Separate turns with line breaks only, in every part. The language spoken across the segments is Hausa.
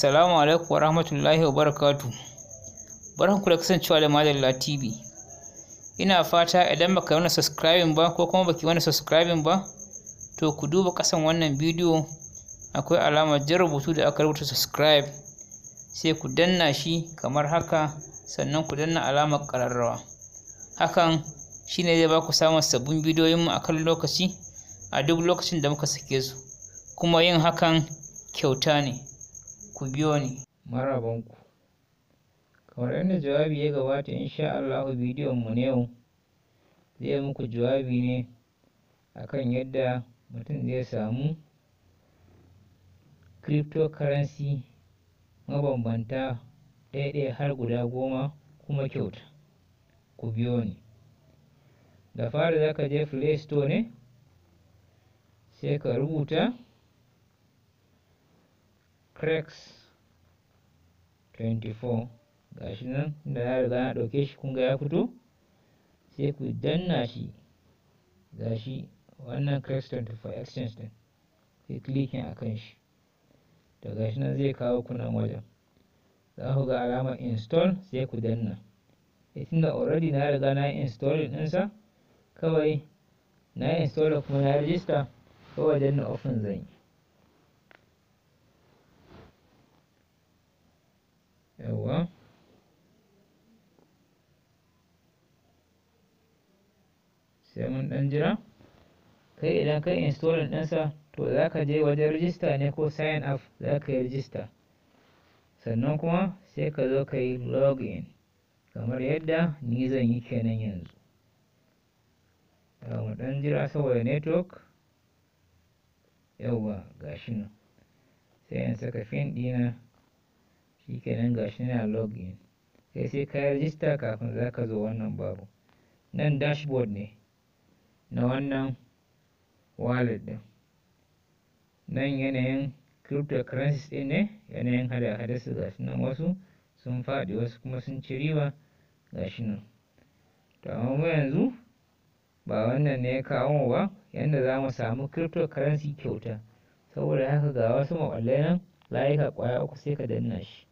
Assalamu alaikum wa rahmatullahi wa barakatu. Barkanku da kasancewa da Madalla TV. Ina fata idan baka wani subscribing ba ko kuma baki wani subscribing ba, to ku duba kasan wannan bidiyo akwai alama jan da aka rubuta subscribe sai ku danna shi kamar haka sannan ku danna alamar ƙararrawa. Hakan shine zai baku samun sabbin bidiyoyin bidiyoyinmu akan lokaci a duk lokacin da muka sake su. Kuma yin hakan kyauta ne. ku biyo ni marabanku kamar yadda jawabi ya gabata in insha Allahu bidiyon mu na yau zai muku jawabi ne akan yadda mutum zai samu cryptocurrency mabambanta ɗaya har guda goma kuma kyauta ku biyo ni da fara za ka je play store ne sai ka rubuta Prex 24 gashi nan da na riga na ɗauke shi kun ga ya fito sai ku danna shi gashi wannan Prex 24 exchange din sai clicking a kan shi to gashi nan zai kawo ku nan wajen za ku ga alamar install sai ku danna ga eh, already na riga na install ɗinsa kawai na install kuma na register kawai danna open zan yi yawwa sai mun ɗan jira kai idan kai installin ɗinsa to za ka je wajen register ne ko sign up za ka yi sannan kuma sai ka zo ka yi login kamar yadda ni zan yi kenan yanzu mun ɗan jira saboda network ga gashi nan sai in saka fin ɗina shi gashi na login sai sai ka rajista kafin za ka zo wannan babu nan dashboard ne na wannan wallet din nan yanayin cryptocurrencies din ne yanayin hada-hada su gashi nan wasu sun faɗi wasu kuma sun ci riba gashi nan to amma yanzu
ba wannan ne ya kawo ba yadda za mu samu cryptocurrency kyauta saboda haka ga wasu ma'allai nan layuka kwaya uku sai ka danna shi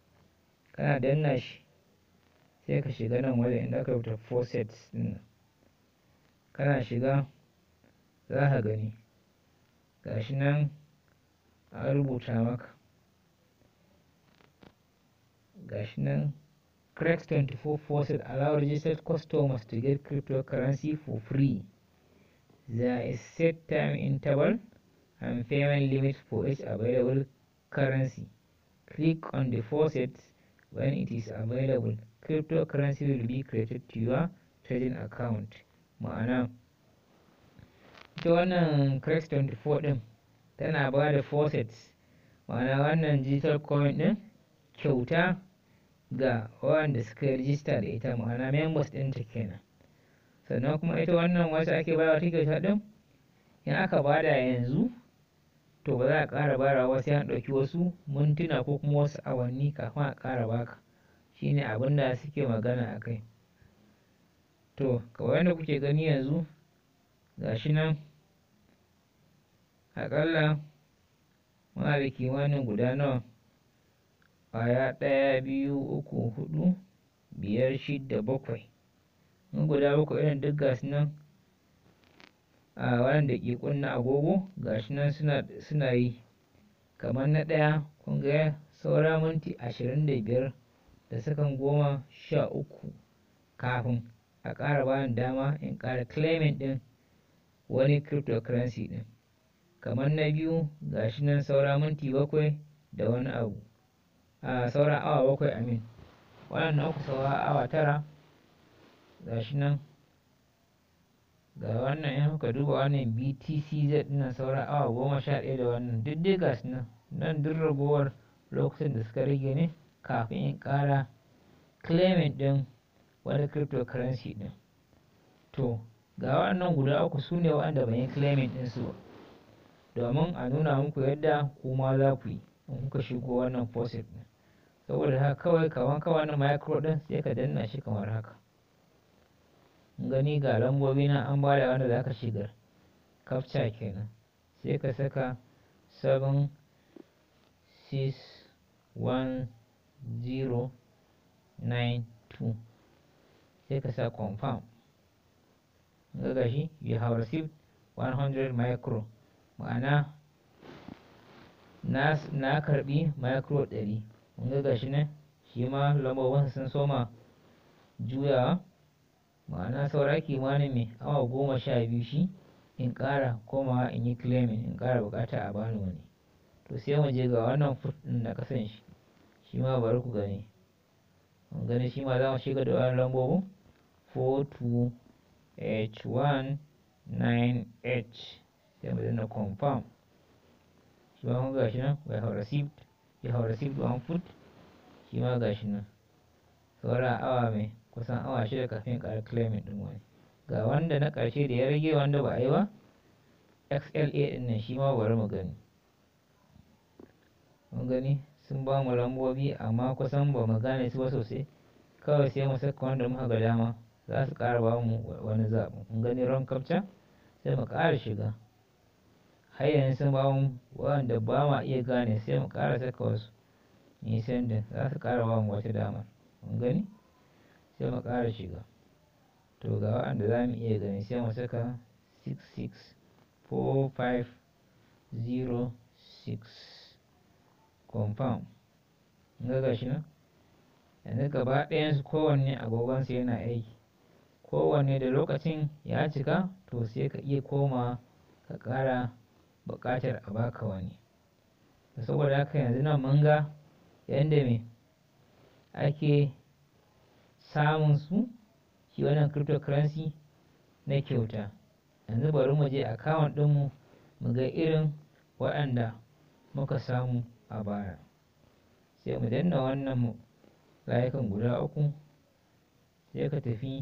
kana danna shi sai ka shiga nan wajen inda ka rubuta faucets din kana shiga za ka gani gashi nan a rubuta maka gashi nan cracks 24 faucet allow registered customers to get cryptocurrency for free there is set time interval and payment limit for each available currency click on the faucets When it is available, cryptocurrency will be created to your trading account. Ma'ana, ita wannan Crex 24 ɗin tana ba da faucets, ma'ana wannan digital coin din kyauta ga waɗanda suka rijista da ita ma'ana members ta kenan. Sannan kuma ita wannan wata ake bayar ta kyauta ya in aka bada yanzu to ba za a ƙara barawa sai an ɗauki wasu mintuna ko kuma wasu awanni kafin a ƙara baka shine abin da suke magana a kai to kawai yadda kuke gani yanzu gashi nan aƙalla muna da kimanin guda nawa ƙwaya ɗaya biyu uku hudu biyar shidda bakwai
in guda bakwai irin duk gasu
nan waɗanda ke kunna agogo gashi nan suna yi kamar na ɗaya kun ga saura minti ashirin da biyar da sakan goma sha uku kafin a ƙara bayan dama in ƙara claiming ɗin wani cryptocurrency ɗin kamar na biyu gashi nan saura minti bakwai da wani abu a saura awa bakwai amin na uku saura awa tara gashi nan ga wannan in muka duba wannan btcz na saura awa goma sha ɗaya da wannan duk dai gas nan nan duk ragowar lokacin da suka rage ne kafin in ƙara claiming ɗin wani cryptocurrency ɗin to ga wannan guda uku su ne waɗanda ban yi claiming su ba domin a nuna muku yadda kuma za ku yi in kuka shigo wannan faucet ɗin saboda haka kawai kawan kawan micro ɗin sai ka danna shi kamar haka gani ga lambobi na an bada wanda za ka shigar captcha kenan sai ka saka 7 sai ka sa confirm ga gashi you have received 100 micro ma'ana na, karbi micro 100 ga gashi ne shi ma lambobin sun soma juyawa ma'ana saura kimanin ne awa goma sha biyu shi in ƙara koma in yi claiming in ƙara bukata a bani wani to sai mu je ga wannan foot ɗin da kasan shi shi ma bari ku gani mun gani shi ma za mu shiga da wani lambobin 42h19h sai mu danna confirm shi ma mun gashi nan we have received we have received one foot shi ma gashi nan saura awa mai kusan awa shida kafin ƙarar climate ɗin wani ga wanda na ƙarshe da ya rage wanda ba a yi ba xla ɗin nan shi ma bari mu gani mun gani sun ba mu lambobi amma kusan ba mu gane su ba sosai kawai sai mu saka wanda muka ga dama za su ƙara ba mu wani zaɓi mun gani ron capture sai mu ƙara shiga har yanzu sun ba mu wanda ba ma iya gane sai mu ƙara saka wasu nisan da za su ƙara ba mu wata damar mun gani sai mu ƙara shiga to ga waɗanda za mu iya gani sai mu saka 664506 confirm ga gashi nan yanzu gaba ɗayansu kowanne agogonsu yana aiki kowanne da lokacin ya cika to sai ka iya koma ka ƙara buƙatar a baka wani saboda haka yanzu nan mun ga yadda me ake samun su shi wannan cryptocurrency na kyauta yanzu bari mu je account ɗinmu mu ga irin waɗanda muka samu a baya sai mu danna wannan layukan guda uku sai ka tafi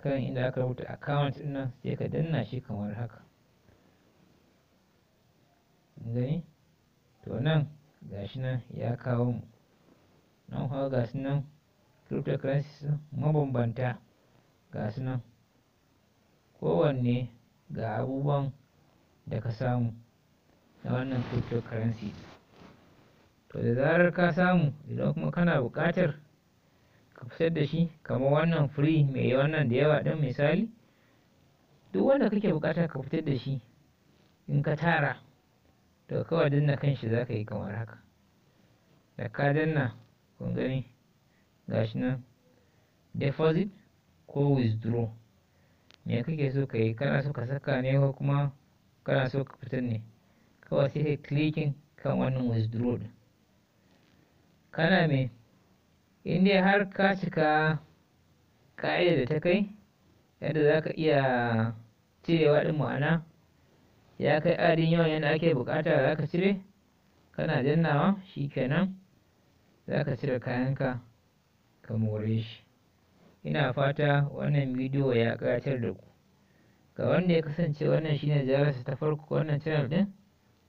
kan inda aka rubuta account din nan sai ka danna shi kamar haka gani to nan gashi nan ya kawo mu nan kuma gashi nan cryptocurrencies mabambanta ga su nan
kowanne
ga abubuwan da ka samu na wannan cryptocurrency to da zarar ka samu idan kuma kana buƙatar ka fitar da shi kamar wannan free mai wannan da yawa ɗin misali duk wanda kake buƙatar ka fitar da shi in ka tara to kawai danna kan shi za ka yi kamar haka da ka danna kun gani gashi nan deposit ko withdraw me kake so ka yi kana so ka saka ne ko kuma kana so ka fitar ne kawai sai kai clicking kan wannan withdraw din kana me inda har ka cika ka'ida da ta kai yadda za ka iya cirewa din ma'ana ya kai adin yawan yadda ake bukata za ka cire kana shi kenan za ka cire kayanka ka more shi ina fata wannan bidiyo ya ƙayatar da ku ga wanda ya kasance wannan shine jarasa ta farko wannan channel din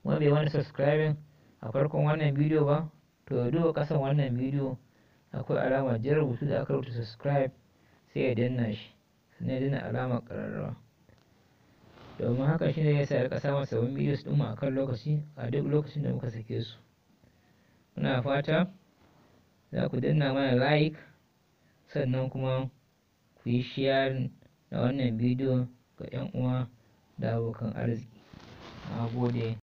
kuma bai wani subscribing
a farkon wannan bidiyo ba to ya duba kasan wannan
bidiyo akwai alama jan rubutu da aka rubuta subscribe sai ya danna shi sannan ya danna alamar ƙararrawa domin haka shi ne ya sa rika samun sabbin bidiyos ɗinmu a kan lokaci a duk lokacin da muka sake su
muna fata
za ku danna mana like sannan kuma ku yi shiyar da wannan bidiyo ga 'yan uwa da abokan arziki. Na gode.